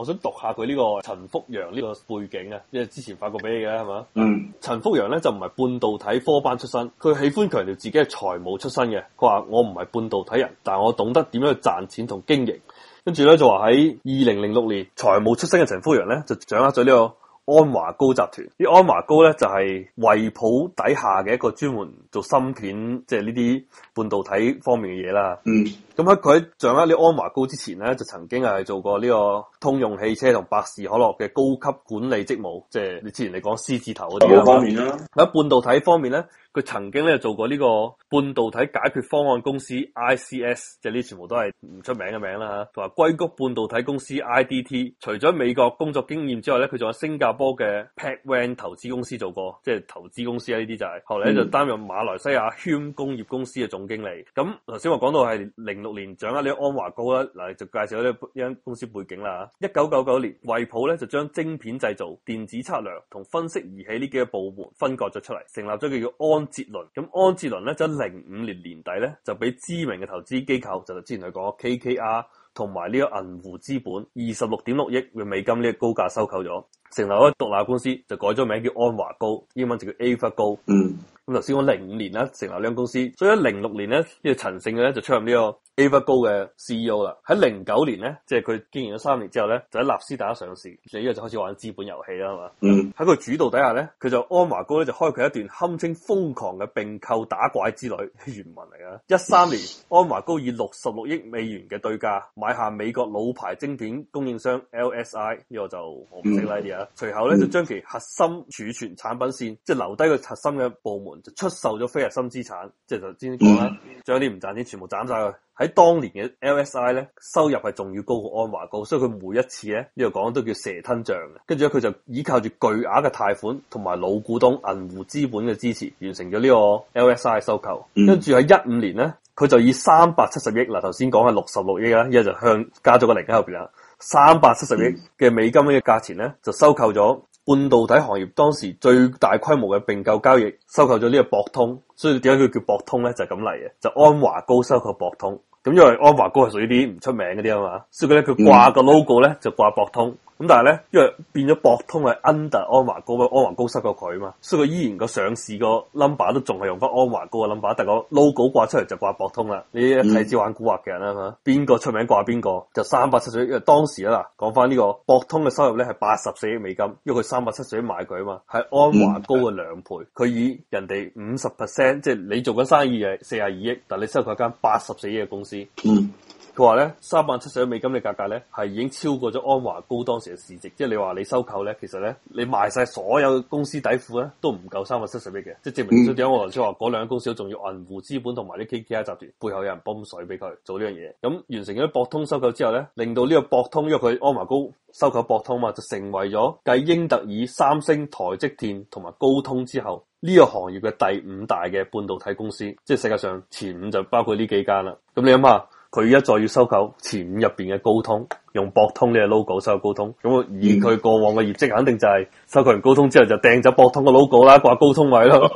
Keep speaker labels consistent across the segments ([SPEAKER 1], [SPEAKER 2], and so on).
[SPEAKER 1] 我想讀下佢呢個陳福陽呢個背景啊，因為之前發過俾你嘅，係嘛？嗯。陳福陽咧就唔係半導體科班出身，佢喜歡強調自己係財務出身嘅。佢話我唔係半導體人，但我懂得點樣去賺錢同經營。跟住咧就話喺二零零六年財務出身嘅陳福陽咧就掌握咗呢、這個。安華高集團，啲安華高咧就係惠普底下嘅一個專門做芯片，即係呢啲半導體方面嘅嘢啦。嗯，咁喺佢喺掌握呢安華高之前咧，就曾經係做過呢個通用汽車同百事可樂嘅高級管理職務，即係你之前嚟講獅子頭嗰方面啦。喺，嗯，半導體方面咧。佢曾經咧做過呢個半導體解決方案公司 ICS，即係呢全部都係唔出名嘅名啦。同埋硅谷半導體公司 IDT，除咗美國工作經驗之外咧，佢仲有新加坡嘅 Pacvan 投資公司做過，即係投資公司啊呢啲就係。後嚟就擔任馬來西亞 Hume 工業公司嘅總經理。咁頭先我講到係零六年掌握呢安華高啦，嗱就介紹呢呢間公司背景啦。一九九九年惠普咧就將晶片製造、電子測量同分析儀器呢幾個部門分割咗出嚟，成立咗叫安。安捷倫咁，安捷倫咧就喺零五年年底咧就俾知名嘅投資機構，就之前佢講嘅 KKR 同埋呢個銀湖資本二十六點六億嘅美金呢個高價收購咗。成立咗獨立公司，就改咗名叫安華高，英文就叫 A v 股高。咁頭先我零五年啦成立呢公司，所以喺零六年咧，呢、這個陳勝嘅咧就出任個呢個 A v 股高嘅 C E O 啦。喺零九年咧，即係佢經營咗三年之後咧，就喺納斯達克上市，所以呢個就開始玩資本遊戲啦，係嘛？喺、嗯、佢主導底下咧，佢就安華高咧就開佢一段堪稱瘋狂嘅並購打怪之旅，原文嚟㗎，一三年、嗯，安華高以六十六億美元嘅對價買下美國老牌晶片供應商 L S I，呢個就我唔識拉啲啊～、嗯隨後咧就將其核心儲存產品線，即係留低個核心嘅部門，就出售咗非核心資產，即係頭先講啦。仲有啲唔賺錢，全部斬晒佢。喺當年嘅 LSI 咧，收入係仲要高過安華高，所以佢每一次咧呢度講都叫蛇吞象嘅。跟住咧，佢就依靠住巨額嘅貸款同埋老股東銀湖資本嘅支持，完成咗呢個 LSI 收購。跟住喺一五年咧，佢就以三百七十億嗱，頭先講嘅六十六億啦，依家就向加咗個零喺後邊啦。三百七十億嘅美金嘅價錢咧,就收購咗半導體行業當時最大規模嘅併購交易，收購咗呢個博通。所以點解佢叫博通咧？就係咁嚟嘅，就安華高收購博通。咁因為安華高係屬於啲唔出名嗰啲啊嘛，所以咧佢掛個 logo 咧就掛博通。咁但係咧，因為變咗博通係 under 安華高，安華高濕過佢啊嘛，所以佢依然個上市個 number 都仲係用翻安華高嘅 number，但係個 logo 掛出嚟就掛博通啦。你啲係只玩蠱惑嘅人啦，吓邊個出名掛邊個，就三百七十億。因為當時啊嗱，講翻呢個博通嘅收入咧係八十四億美金，因為佢三百七十億買佢啊嘛，係安華高嘅兩倍，佢以人哋五十 percent，即係你做緊生意嘅四十二億，但你收購一間八十四億嘅公司。嗯佢話咧三百七十一美金嘅價格咧，係已經超過咗安華高當時嘅市值，即係你話你收購咧，其實咧你賣晒所有的公司底褲咧，都唔夠三百七十億嘅，即係證明我說。點解我頭先話嗰兩間公司都仲要銀湖資本同埋啲 KKI 集團背後有人泵水俾佢做呢樣嘢？咁完成咗博通收購之後咧，令到呢個博通因為佢安華高收購博通嘛，就成為咗繼英特爾、三星、台積電同埋高通之後呢個行業嘅第五大嘅半導體公司，即係世界上前五就包括呢幾間啦。咁你諗下。佢一再要收購前五入邊嘅高通，用博通呢個 logo 收購高通，咁以佢過往嘅業績，肯定就係收購完高通之後就掟走博通個 logo 啦，掛高通位咯。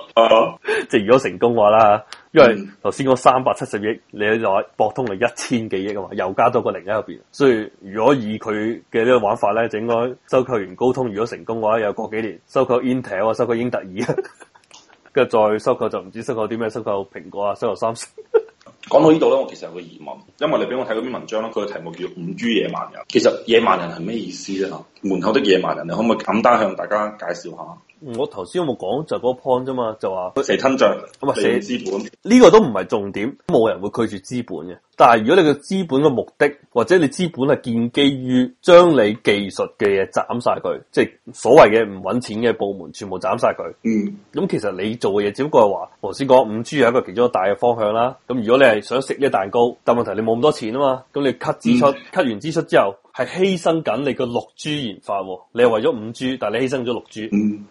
[SPEAKER 1] 即 係如果成功嘅話啦，因為頭先嗰三百七十億，你再博通就一千幾億啊嘛，又加多個零喺入邊。所以如果以佢嘅呢個玩法咧，就應該收購完高通，如果成功嘅話，又有過幾年收購 Intel 啊，收購英特爾，跟住再收購就唔知收購啲咩，收購蘋果啊，收購三星。講到呢度咧，我其實有個疑問，因為你俾我睇嗰篇文章咧，佢嘅題目叫做《五 G 野蠻人》，其實野蠻人係咩意思咧嚇？門口的野蠻人，你可唔可以簡單向大家介紹下？我頭先有冇講就嗰個 point 啫嘛，就話蛇吞象，咁啊，社會資本呢、這個都唔係重點，冇人會拒絕資本嘅。但係如果你個資本嘅目的，或者你資本係建基於將你技術嘅嘢斬晒佢，即、就、係、是、所謂嘅唔揾錢嘅部門，全部斬晒佢。嗯，咁其實你做嘅嘢只不過係話，頭先講五 G 係一個其中一個大嘅方向啦。咁如果你係想食呢個蛋糕，但問題你冇咁多錢啊嘛，咁你 cut 支出，cut 完支出之後。係犧牲緊你個六 G 研發，你係為咗五 G，但係你犧牲咗六 G。咁、嗯、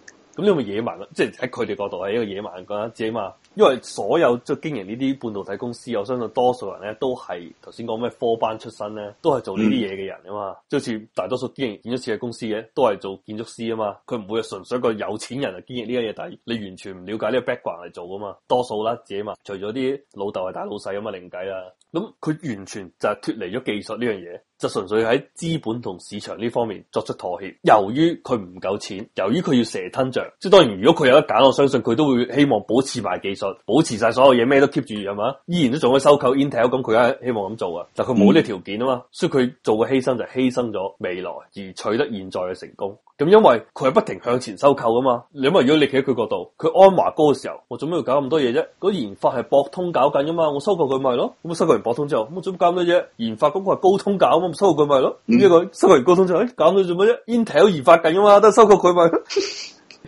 [SPEAKER 1] 你咪野蠻咯？即係喺佢哋角度係一個野蠻嘅講，只嘛。因為所有即係經營呢啲半導體公司，我相信多數人咧都係頭先講咩科班出身咧，都係做呢啲嘢嘅人啊嘛。即好似大多數經營建築設計公司嘅，都係做建築師啊嘛。佢唔會係純粹一個有錢人嚟經營呢家嘢，但係你完全唔了解呢個 background 嚟做噶嘛。多數啦，只嘛。除咗啲老豆係大老細咁嘛，另計啦。咁佢完全就係脫離咗技術呢樣嘢。就純粹喺資本同市場呢方面作出妥協，由於佢唔夠錢，由於佢要蛇吞象，即係當然，如果佢有得揀，我相信佢都會希望保持埋技術，保持曬所有嘢，咩都 keep 住係嘛，依然都仲可以收購 Intel，咁佢而家希望咁做啊，就佢冇呢條件啊嘛、嗯，所以佢做嘅犧牲就係犧牲咗未來而取得現在嘅成功。咁因為佢係不停向前收購噶嘛，你因為如果你企喺佢角度，佢安華高嘅時候，我做咩要搞咁多嘢啫？嗰研發係博通搞緊噶嘛，我收購佢咪咯？咁我收購完博通之後，咁我做咩搞咁多嘢？研發嗰個係高通搞，我咪收佢咪咯？呢、嗯這個收購完高通之後，誒搞咗做乜啫？Intel 研發緊啊嘛，都係收購佢咪咯？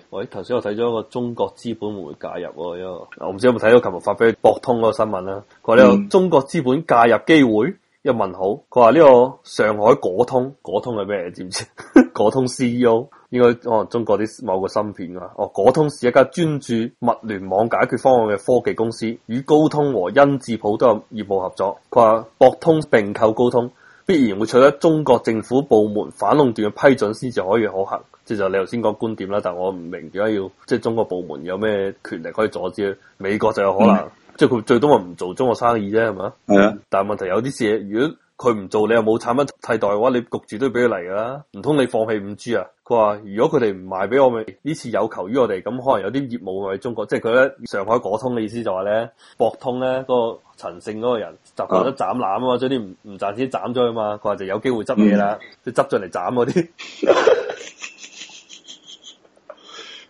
[SPEAKER 1] 喂、 哎，頭先我睇咗一個中國資本會,會介入、啊，因、這、為、個、我唔知有冇睇到琴日發俾博通嗰、啊這個新聞啦，佢話呢個中國資本介入機會，一問好，佢話呢個上海果通，果通係咩？你知唔知？ 果通 CEO 應該、哦、中國啲某個芯片啊，哦，果通是一家專注物聯網解決方案嘅科技公司，與高通和恩智浦都有業務合作。佢話博通併購高通，必然會取得中國政府部門反壟斷嘅批准先至可以可行。即係就你頭先講觀點啦，但係我唔明點解要即係中國部門有咩權力可以阻止？美國就有可能，嗯、即係佢最多咪唔做中國生意啫，係嘛、嗯嗯？但係問題有啲事如果佢唔做，你又冇產品替代嘅話，你焗住都俾佢嚟㗎啦。唔通你放棄五 G 啊？佢話如果佢哋唔賣俾我，咪呢次有求於我哋，咁可能有啲業務喺中國，即係佢咧上海果通嘅意思就話咧博通咧、那個個陳姓嗰個人就覺得斬纜啊嘛，將啲唔唔賺錢斬咗啊斬斬嘛，佢話就有機會執嘢啦，佢執咗嚟斬嗰啲。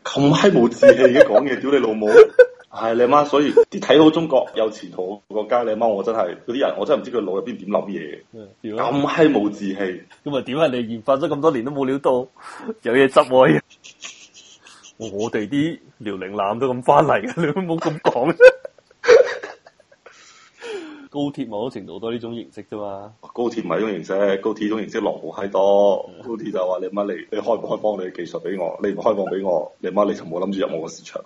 [SPEAKER 1] 咁閪無字嘅，而家講嘢，屌你， 你老母！係你阿媽，所以啲睇好中國有前途國家，你阿媽我真係嗰啲人，我真係唔知佢腦入邊點諗嘢，咁閪冇志氣。咁啊點解你研發咗咁多年都冇料到有嘢執我 我哋啲遼寧艦都咁翻嚟，你都冇咁講。 高鐵某程度都係呢種形式啫嘛。高鐵唔係呢種形式，高鐵種形式落好閪多。高鐵就話你阿媽，你媽你，你開唔開放你技術俾我？你唔開放俾我，你阿媽你就冇諗住入我個市場。